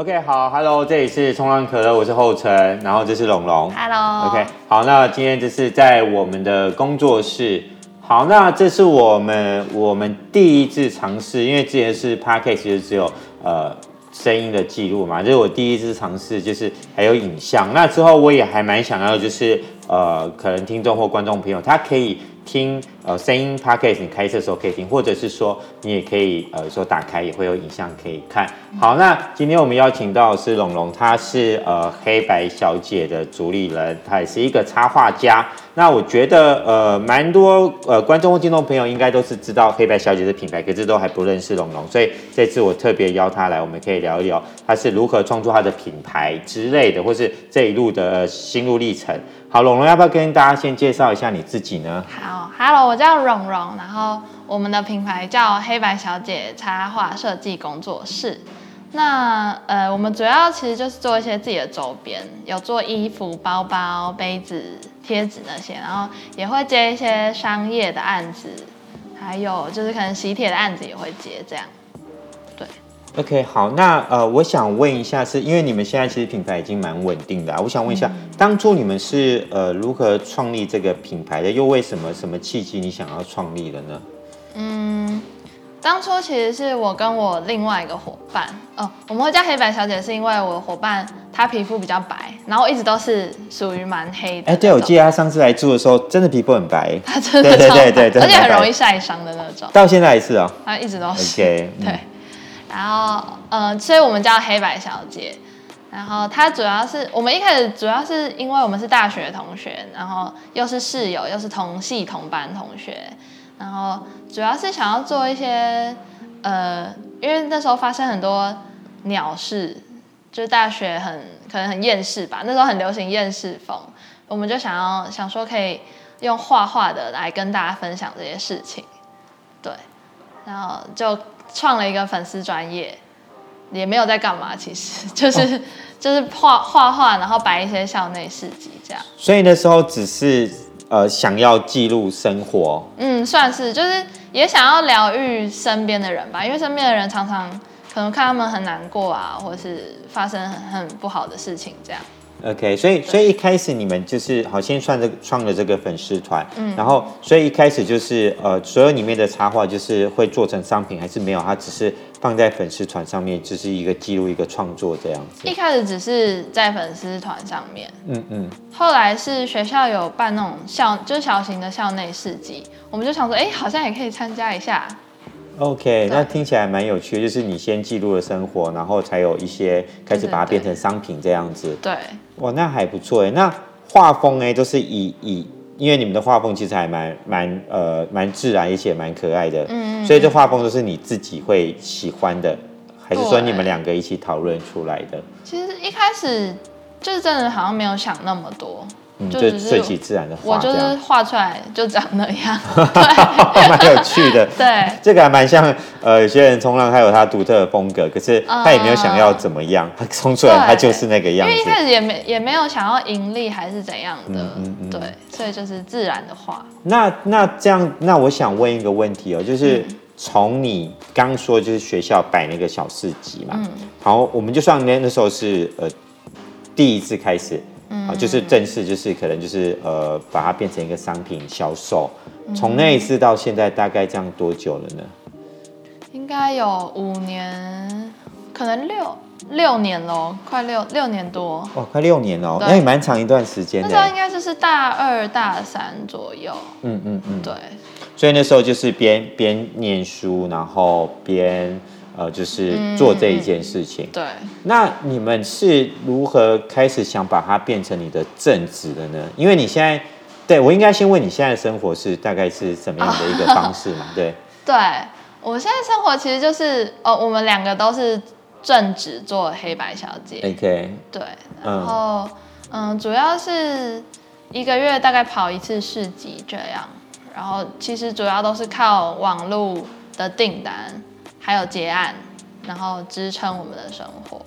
OK，好，Hello，這裡是衝浪可樂，我是後成，然後這是龍龍，Hello，OK，okay, 好，那今天這是在我們的工作室，好，那這是我們我們第一次嘗試，因為之前是 podcast 其實只有呃聲音的記錄嘛，這、就是我第一次嘗試，就是還有影像，那之後我也還蠻想要，就是呃，可能聽眾或觀眾朋友他可以聽。呃，聲音 podcast 你開車的時候可以聽，或者是說你也可以，呃，說打開也會有影像可以看。好，那今天我們邀請到的是容容，她是呃黑白小姐的主理人，她也是一個插畫家。那我覺得呃蠻多呃觀眾或聽眾朋友應該都是知道黑白小姐的品牌，可是都還不認識容容，所以這次我特別邀她來，我們可以聊一聊她是如何創作她的品牌之類的，或是這一路的，呃，心路歷程。好，容容要不要跟大家先介紹一下你自己呢？好，Hello, hello。我叫容容，然後我們的品牌叫黑白小姐插畫設計工作室。那呃，我們主要其實就是做一些自己的周邊，有做衣服、包包、杯子、貼紙那些，然後也會接一些商業的案子，還有就是可能喜帖的案子也會接，這樣。OK，好，那呃，我想問一下是，是因為你們現在其實品牌已經蠻穩定的啊？我想問一下，嗯、當初你們是呃如何創立這個品牌的？又為什麼什麼契機你想要創立的呢？嗯，當初其實是我跟我另外一個夥伴哦，我們會叫黑白小姐，是因為我的夥伴她皮膚比較白，然後一直都是屬於蠻黑的。哎、欸，對，我記得她上次來住的時候，真的皮膚很白，她真的對，對對，白白而且很容易曬傷的那種。到現在也是哦、喔，她一直都是 OK、嗯、對。然後，嗯、呃，所以我們叫黑白小姐。然後她主要是我們一開始主要是因為我們是大學同學，然後又是室友，又是同系同班同學。然後主要是想要做一些，呃，因為那時候發生很多鳥事，就是大學很可能很厭世吧，那時候很流行厭世風，我們就想要想說可以用畫畫的來跟大家分享這些事情，對，然後就。創了一個粉絲專業，也沒有在幹嘛，其實就是、哦、就是畫畫畫，然後擺一些校內市集這樣。所以那時候只是呃想要記錄生活，嗯，算是就是也想要療癒身邊的人吧，因為身邊的人常常可能看他們很難過啊，或是發生很很不好的事情這樣。OK，所以所以一開始你們就是好先創這個，創了這個粉絲團，嗯，然後所以一開始就是呃，所有裡面的插畫就是會做成商品還是沒有？它只是放在粉絲團上面，只、就是一個記錄一個創作這樣子。一開始只是在粉絲團上面，嗯嗯。嗯後來是學校有辦那種校就是小型的校內市集，我們就想說，哎、欸，好像也可以參加一下。OK，對那聽起來蠻有趣的，就是你先記錄了生活，然後才有一些開始把它變成商品這樣子。對，對，對，對哇，那還不錯哎、欸。那畫風哎、欸，都是以以，因為你們的畫風其實還蠻蠻呃蠻自然一些，而且蠻可愛的。嗯，嗯，嗯。所以這畫風都是你自己會喜歡的，還是說你們兩個一起討論出來的、欸？其實一開始就是真的好像沒有想那麼多。嗯、就順其自然的畫，我就是畫出來就長那樣，對，蠻 有趣的，對，這個還蠻像呃，有些人衝浪，他有他獨特的風格，可是他也沒有想要怎麼樣，他、呃、衝出來他就是那個樣子，因為一開始也沒也沒有想要盈利還是怎樣的，嗯嗯嗯、對，所以就是自然的畫。那那這樣，那我想問一個問題哦、喔，就是從你剛說就是學校擺那個小市集嘛，嗯，好，我們就算那那時候是呃第一次開始。嗯、就是正式，就是可能就是呃，把它變成一個商品銷售。從那一次到現在，大概這樣多久了呢？應該有五年，可能六六年咯。快六六年多。哦，快六年了。那也蠻長一段時間的。那時候應該就是大二大三左右。嗯嗯嗯，嗯嗯對。所以那時候就是邊邊念書，然後邊。呃，就是做這一件事情。嗯嗯、對，那你們是如何開始想把它變成你的正職的呢？因為你現在，對，我應該先問你現在生活是大概是怎麼樣的一個方式嘛？啊、對，對我現在生活其實就是，呃、哦，我們兩個都是正職做黑白小姐。OK。對，然後嗯，嗯，主要是一個月大概跑一次市集這樣，然後其實主要都是靠網絡的訂單。還有結案，然後支撐我們的生活。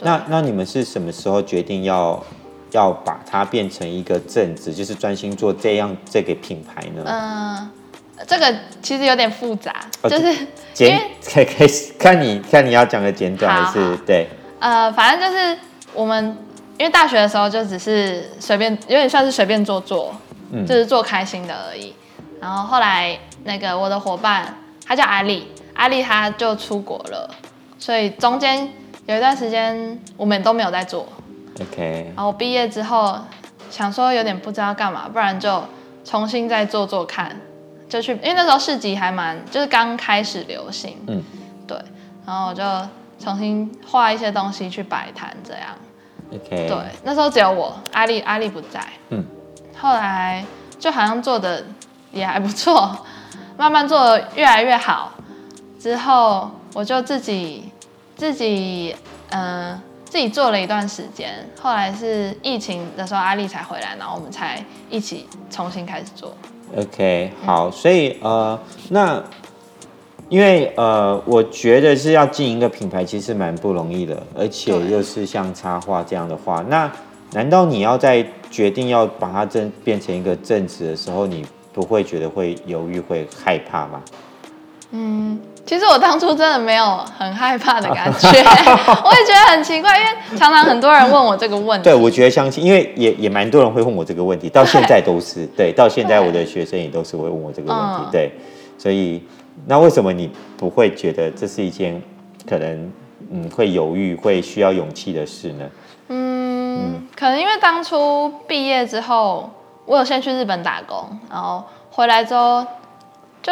那那你們是什麼時候決定要要把它變成一個正職，就是專心做這樣這個品牌呢？嗯、呃，這個其實有點複雜，哦、就是簡減為可以可以看你對看你要講的簡短還是好好好對？呃，反正就是我們因為大學的時候就只是隨便有點算是隨便做做，嗯、就是做開心的而已。然後後來那個我的夥伴他叫阿力。阿力她就出國了，所以中間有一段時間我們都沒有在做。OK。然後我畢業之後想說有點不知道幹嘛，不然就重新再做做看，就去，因為那時候市集還蠻就是剛開始流行。嗯，對。然後我就重新畫一些東西去擺攤這樣。OK。對，那時候只有我，阿力阿力不在。嗯。後來就好像做的也還不錯，慢慢做的越來越好。之後我就自己自己嗯、呃、自己做了一段時間，後來是疫情的時候，阿力才回來，然後我們才一起重新開始做。OK，好，嗯、所以呃那因為呃我覺得是要經營一個品牌，其實蠻不容易的，而且又是像插畫這樣的話對那難道你要在決定要把它變成一個正職的時候，你不會覺得會猶豫、會害怕嗎？嗯。其實我當初真的沒有很害怕的感覺， 我也覺得很奇怪，因為常常很多人問我這個問題，對，我覺得相信，因為也也蠻多人會問我這個問題，到現在都是，對、對，到現在我的學生也都是會問我這個問題，對、對，所以那為什麼你不會覺得這是一件可能嗯會猶豫會需要勇氣的事呢？嗯，嗯可能因為當初畢業之後，我有先去日本打工，然後回來之後。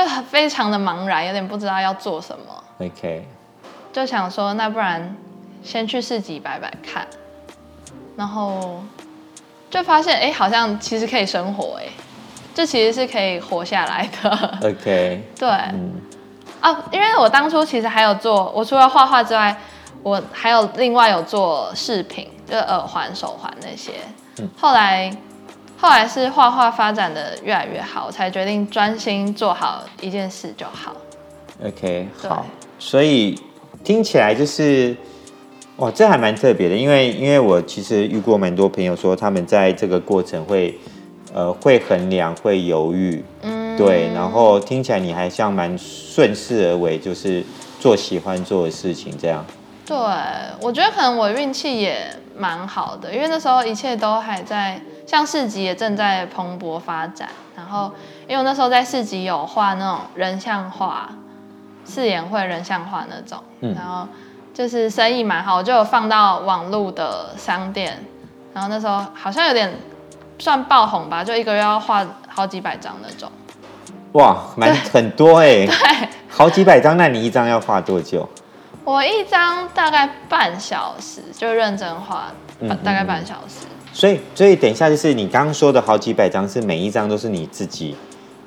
就非常的茫然，有點不知道要做什麼。OK，就想說，那不然先去市集擺擺看，然後就發現，哎、欸，好像其實可以生活、欸，哎，這其實是可以活下來的。OK， 對，嗯 oh, 因為我當初其實還有做，我除了畫畫之外，我還有另外有做飾品，就是耳環、手環那些。嗯、後來。後來是畫畫發展得越來越好，我才決定專心做好一件事就好。OK，對好。所以聽起來就是，哇，這還蠻特別的，因為因為我其實遇過蠻多朋友說他們在這個過程會，呃，會衡量，會猶豫，嗯，對。然後聽起來你還像蠻順勢而為，就是做喜歡做的事情這樣。對，我覺得可能我運氣也蠻好的，因為那時候一切都還在。像市集也正在蓬勃發展，然後因為我那時候在市集有畫那種人像畫，似顏繪人像畫那種，嗯、然後就是生意蠻好，我就有放到網路的商店，然後那時候好像有點算爆紅吧，就一個月要畫好幾百張那種。哇，蠻很多哎、欸，對，好幾百張，那你一張要畫多久？我一張大概半小時，就認真畫，大概半小時。嗯嗯嗯所以，所以等一下，就是你剛剛說的好幾百張，是每一張都是你自己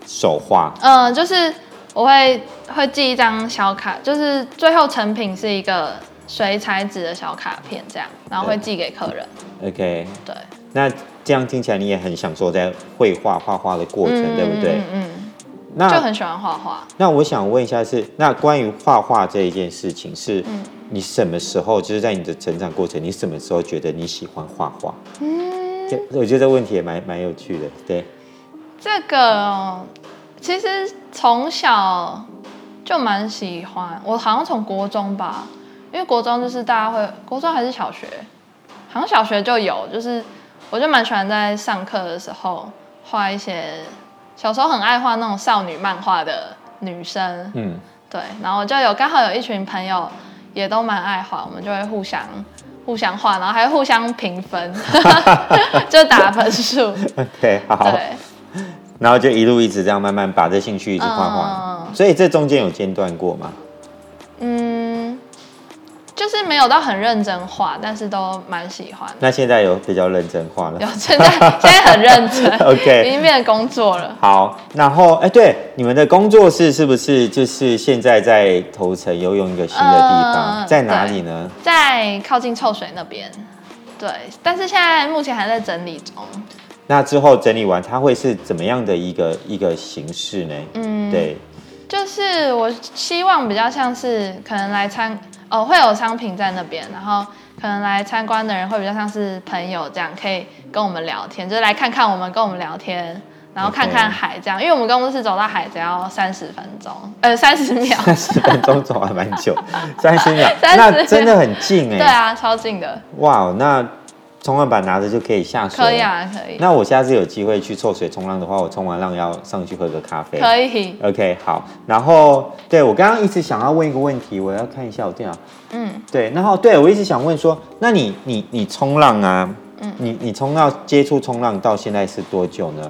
手畫？嗯，就是我會會寄一張小卡，就是最後成品是一個水彩紙的小卡片這樣，然後會寄給客人。OK，對。Okay, 對。那這樣聽起來你也很享受在繪畫畫畫的過程，嗯、對不對？嗯。嗯嗯那就很喜歡畫畫。那我想問一下是，是那關於畫畫這一件事情，是你什麼時候、嗯、就是在你的成長過程，你什麼時候覺得你喜歡畫畫？嗯，我覺得這個問題也蠻蠻有趣的，對。這個其實從小就蠻喜歡，我好像從國中吧，因為國中就是大家會，國中還是小學？好像小學就有，就是我就蠻喜歡在上課的時候畫一些。小時候很愛畫那種少女漫畫的女生，嗯，對，然後就有剛好有一群朋友也都蠻愛畫，我們就會互相互相畫，然後還會互相評分， 就打分數，Okay, 好好對，好，對，然後就一路一直這樣慢慢把這興趣一直畫畫，嗯，所以這中間有間斷過嗎？沒有，到很認真畫，但是都蠻喜歡。那現在有比較認真畫了？有，現在現在很認真。 OK，已經變成工作了。好，然後哎，欸、對，你們的工作室是不是就是現在在頭城又用一個新的地方，呃、在哪裡呢？在靠近臭水那邊。對，但是現在目前還在整理中。那之後整理完，它會是怎麼樣的一個一個形式呢？嗯，對，就是我希望比較像是可能來參。哦，會有商品在那邊，然後可能來參觀的人會比較像是朋友這樣，可以跟我們聊天，就是來看看我們，跟我們聊天，然後看看海這樣。Okay. 因為我們公司走到海只要三十分鐘，呃，三十秒，三十分鐘走還蠻久，三十 秒，秒。那真的很近哎、欸，對啊，超近的，哇，wow, 那。衝浪板拿着就可以下水，可以啊，可以。那我下次有機會去湊水衝浪的話，我衝完浪要上去喝個咖啡。可以，OK，好。然後，對我剛剛一直想要問一個問題，我要看一下我電腦。嗯，對。然後，對我一直想問說，那你，你，你，你衝浪啊？嗯。你，你衝浪接觸衝浪到現在是多久呢？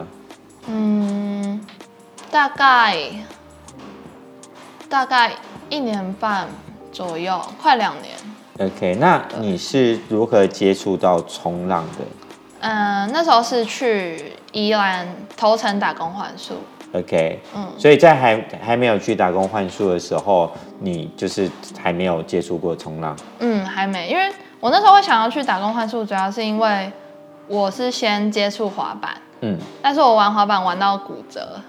嗯，大概大概一年半左右，快兩年。OK，那你是如何接觸到衝浪的？嗯，那時候是去宜蘭頭城打工換宿。OK，嗯，所以在還還沒有去打工換宿的時候，你就是還沒有接觸過衝浪？嗯，還沒，因為我那時候會想要去打工換宿，主要是因為我是先接觸滑板，嗯，但是我玩滑板玩到骨折。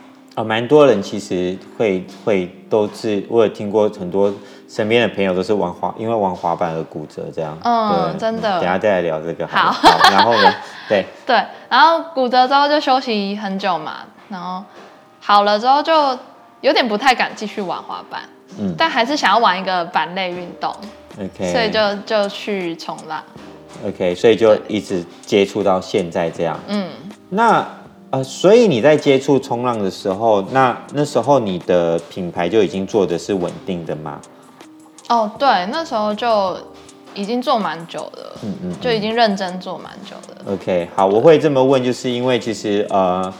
蠻、喔、多人其實會會都是。我有聽過很多身邊的朋友都是玩滑，因為玩滑板而骨折這樣。嗯，對真的。嗯、等一下再來聊這個好。好，好。然後呢？對。對，然後骨折之後就休息很久嘛，然後好了之後就有點不太敢繼續玩滑板。嗯。但還是想要玩一個板類運動。OK。所以就就去衝浪。OK，所以就一直接觸到現在這樣。對嗯。那。呃，所以你在接觸衝浪的時候，那那時候你的品牌就已經做的是穩定的嗎？哦，對，那時候就已經做蠻久了，嗯嗯嗯，就已經認真做蠻久了。OK，好，我會這麼問，就是因為其實呃，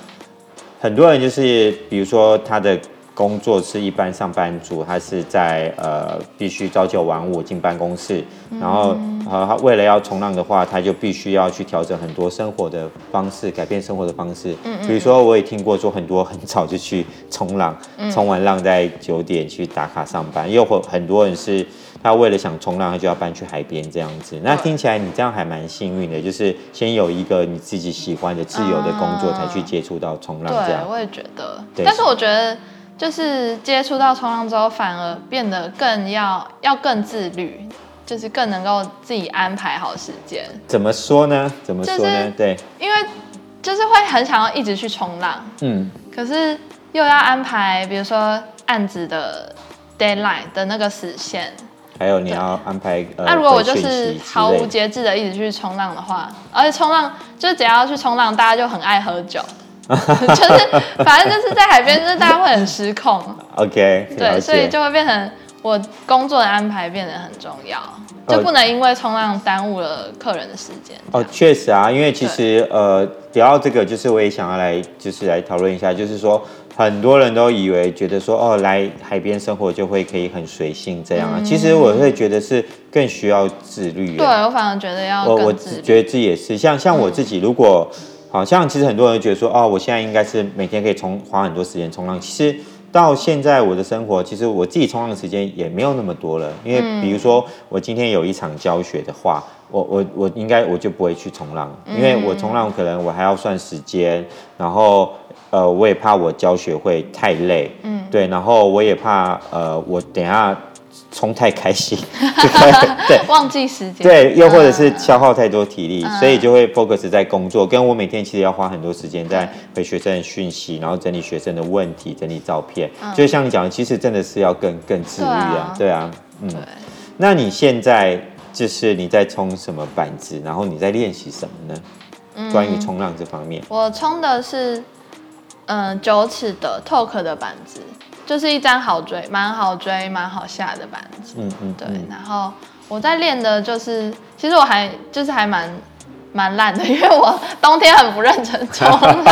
很多人就是比如說他的。工作是一般上班族，他是在呃必須朝九晚五進辦公室，嗯嗯然後呃他為了要衝浪的話，他就必須要去調整很多生活的方式，改變生活的方式。嗯，嗯，嗯比如說我也聽過說很多很早就去衝浪，衝、嗯、完浪在九點去打卡上班，又或、嗯、很多人是他為了想衝浪，他就要搬去海邊這樣子。那聽起來你這樣還蠻幸運的，就是先有一個你自己喜歡的自由的工作，才去接觸到衝浪這樣、嗯。對，我也覺得。對但是我覺得。就是接觸到衝浪之後，反而變得更要要更自律，就是更能夠自己安排好時間。怎麼說呢？怎麼說呢？對，因為就是會很想要一直去衝浪，嗯，可是又要安排，比如說案子的 deadline 的那個時限，還有你要安排。那對、呃、如果我就是毫無節制的一直去衝浪的話，嗯、而且衝浪就是、只要去衝浪，大家就很愛喝酒。 就是，反正就是在海邊，就是大家會很失控。OK，對，所以就會變成我工作的安排變得很重要，哦、就不能因為衝浪耽誤了客人的時間。哦，確實啊，因為其實對呃，聊到這個，就是我也想要來，就是來討論一下，就是說很多人都以為覺得說，哦，來海邊生活就會可以很隨性這樣啊。嗯、其實我會覺得是更需要自律。對我反而覺得要自律我，我覺得自己也是，像像我自己如果。嗯好像其實很多人覺得說，哦，我現在應該是每天可以從花很多時間衝浪。其實到現在我的生活，其實我自己衝浪的時間也沒有那麼多了。因為比如說我今天有一場教學的話，我我我應該我就不會去衝浪，因為我衝浪可能我還要算時間，然後呃我也怕我教學會太累，嗯，對，然後我也怕呃我等一下。衝太開心，就對，對忘記時間，對，又或者是消耗太多體力，嗯、所以就會 focus 在工作。跟我每天其實要花很多時間在回學生的訊息，然後整理學生的問題，整理照片。嗯、就像你講的，其實真的是要更更自律啊，對啊，對啊，嗯。對那你現在就是你在衝什麼板子？然後你在練習什麼呢？嗯、關於衝浪這方面，我衝的是嗯、呃、九尺的 Talk 的板子。就是一張好追、蠻好追、蠻好下的板子。嗯嗯，嗯對。然後我在練的就是，其實我還就是還蠻蠻爛的，因為我冬天很不認真衝浪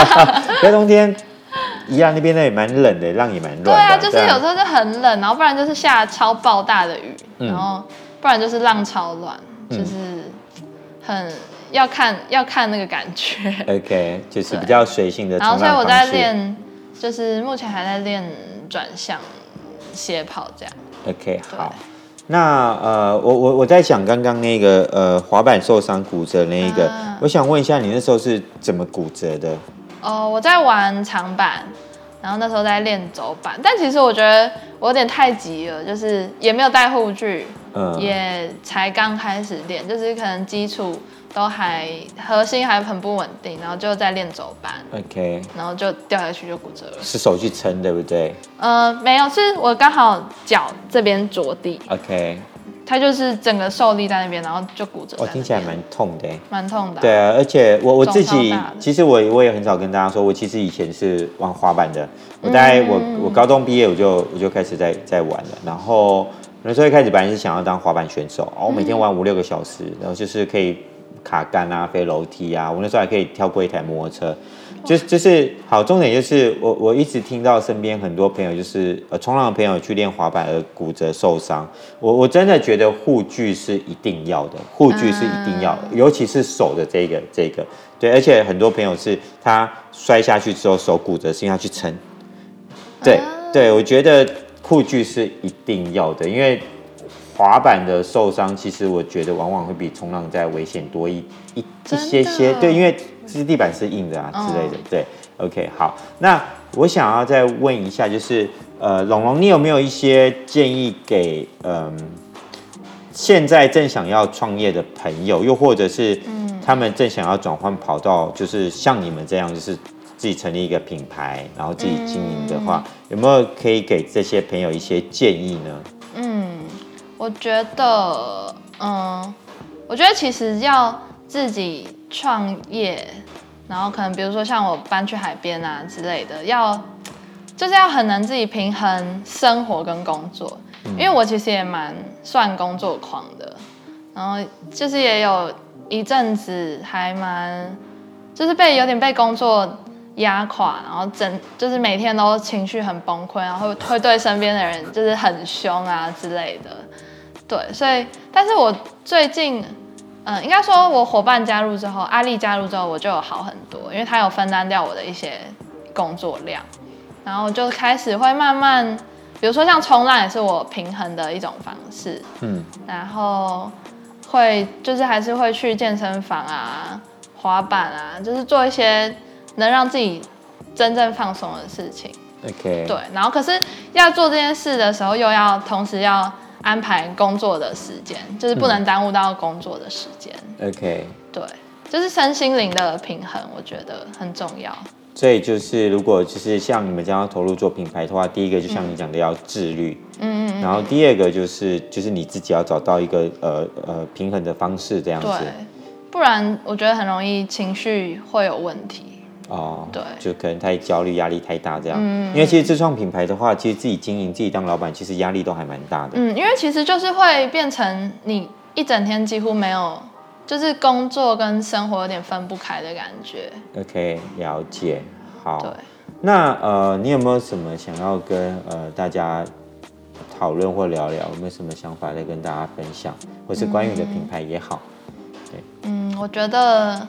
在冬天， 宜蘭那邊那也蠻冷的，浪也蠻亂。對啊，就是有時候是很冷，然後不然就是下超爆大的雨，嗯、然後不然就是浪超亂，嗯、就是很要看要看那個感覺。OK，就是比較隨性的。然後所以我在練，就是目前還在練。轉向斜跑這樣。OK，對好。那呃，我我我在想剛剛那個呃滑板受傷骨折那一個，嗯、我想問一下你那時候是怎麼骨折的？哦、呃，我在玩長板，然後那時候在練走板，但其實我覺得我有點太急了，就是也沒有帶護具，嗯、也才剛開始練，就是可能基礎。都還核心還很不穩定，然後就在練走板，OK，然後就掉下去就骨折了，是手去撐對不對？呃，沒有，是我剛好腳這邊着地，OK，它就是整個受力在那邊，然後就骨折。我、哦、聽起來蠻痛的，蠻痛的、啊。對啊，而且我我自己其實我我也很少跟大家說，我其實以前是玩滑板的，我大概我嗯嗯我高中畢業我就我就開始在在玩了，然後那時候一開始本來是想要當滑板選手，哦、喔，我每天玩五六個小時，然後就是可以。卡桿啊，飛樓梯啊，我那時候還可以跳過一台摩托車，就就是好。重點就是我我一直聽到身邊很多朋友就是呃衝浪的朋友去練滑板而骨折受傷，我我真的覺得護具是一定要的，護具是一定要的，嗯，尤其是手的這個這個。對，而且很多朋友是他摔下去之後手骨折，是因為要去撐。對對，我覺得護具是一定要的，因為。滑板的受傷，其實我覺得往往會比衝浪再危險多一一一些些，的對，因為其實地板是硬的啊、哦、之類的。對，OK，好，那我想要再問一下，就是呃，容容，你有沒有一些建議給嗯、呃，現在正想要創業的朋友，又或者是他們正想要轉換跑道，嗯、就是像你們這樣，就是自己成立一個品牌，然後自己經營的話，嗯、有沒有可以給這些朋友一些建議呢？我覺得，嗯，我覺得其實要自己創業，然後可能比如說像我搬去海邊啊之類的，要就是要很能自己平衡生活跟工作，因為我其實也蠻算工作狂的，然後就是也有一陣子還蠻，就是被有點被工作壓垮，然後整就是每天都情緒很崩潰，然後會，會對身邊的人就是很兇啊之類的。對，所以，但是我最近，嗯、呃，應該說，我夥伴加入之後，阿力加入之後，我就有好很多，因為他有分擔掉我的一些工作量，然後我就開始會慢慢，比如說像衝浪也是我平衡的一種方式，嗯，然後會就是還是會去健身房啊，滑板啊，就是做一些能讓自己真正放鬆的事情。OK。對，然後可是要做這件事的時候，又要同時要。安排工作的時間，就是不能耽誤到工作的時間。OK。對，就是身心靈的平衡，我覺得很重要。所以就是，如果就是像你們這樣要投入做品牌的話，第一個就像你講的要自律，嗯嗯嗯。然後第二個就是，就是你自己要找到一個呃呃平衡的方式，這樣子。對，不然我覺得很容易情緒會有問題。哦，oh, 對，就可能太焦慮、壓力太大這樣，嗯，因為其實自創品牌的話，其實自己經營、自己當老板，其實壓力都還蠻大的，嗯，因為其實就是會變成你一整天幾乎沒有，就是工作跟生活有點分不開的感覺。OK，了解，好，對，那呃，你有沒有什麼想要跟呃大家討論或聊聊？有沒有什麼想法再跟大家分享，或是關於你的品牌也好？嗯、對，嗯，我覺得。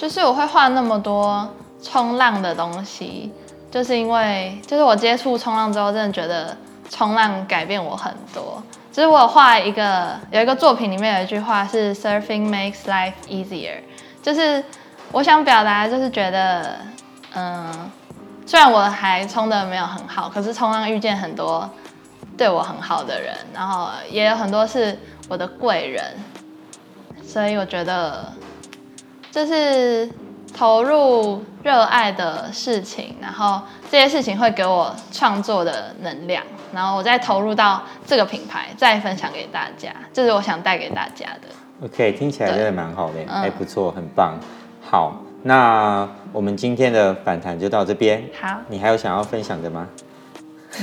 就是我會畫那麼多衝浪的東西，就是因為就是我接觸衝浪之後，真的覺得衝浪改變我很多。就是我有畫一個有一個作品裡面有一句話是 “Surfing makes life easier”，就是我想表達就是覺得，嗯，雖然我還衝得沒有很好，可是衝浪遇見很多對我很好的人，然後也有很多是我的貴人，所以我覺得。這是投入熱愛的事情，然後這些事情會給我創作的能量，然後我再投入到這個品牌，再分享給大家。這、就是我想帶給大家的。OK，聽起來真的蠻好的，還、嗯欸、不錯，很棒。好，那我們今天的訪談就到這邊。好，你還有想要分享的嗎？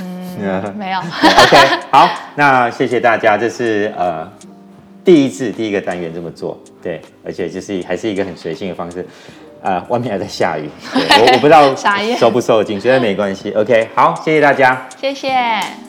嗯，沒有。OK，好，那謝謝大家。這是呃第一次第一個單元這麼做。對，而且就是還是一個很隨性的方式，呃，外面還在下雨，我我不知道收不收，我覺得沒關係。 OK，好，謝謝大家，謝謝。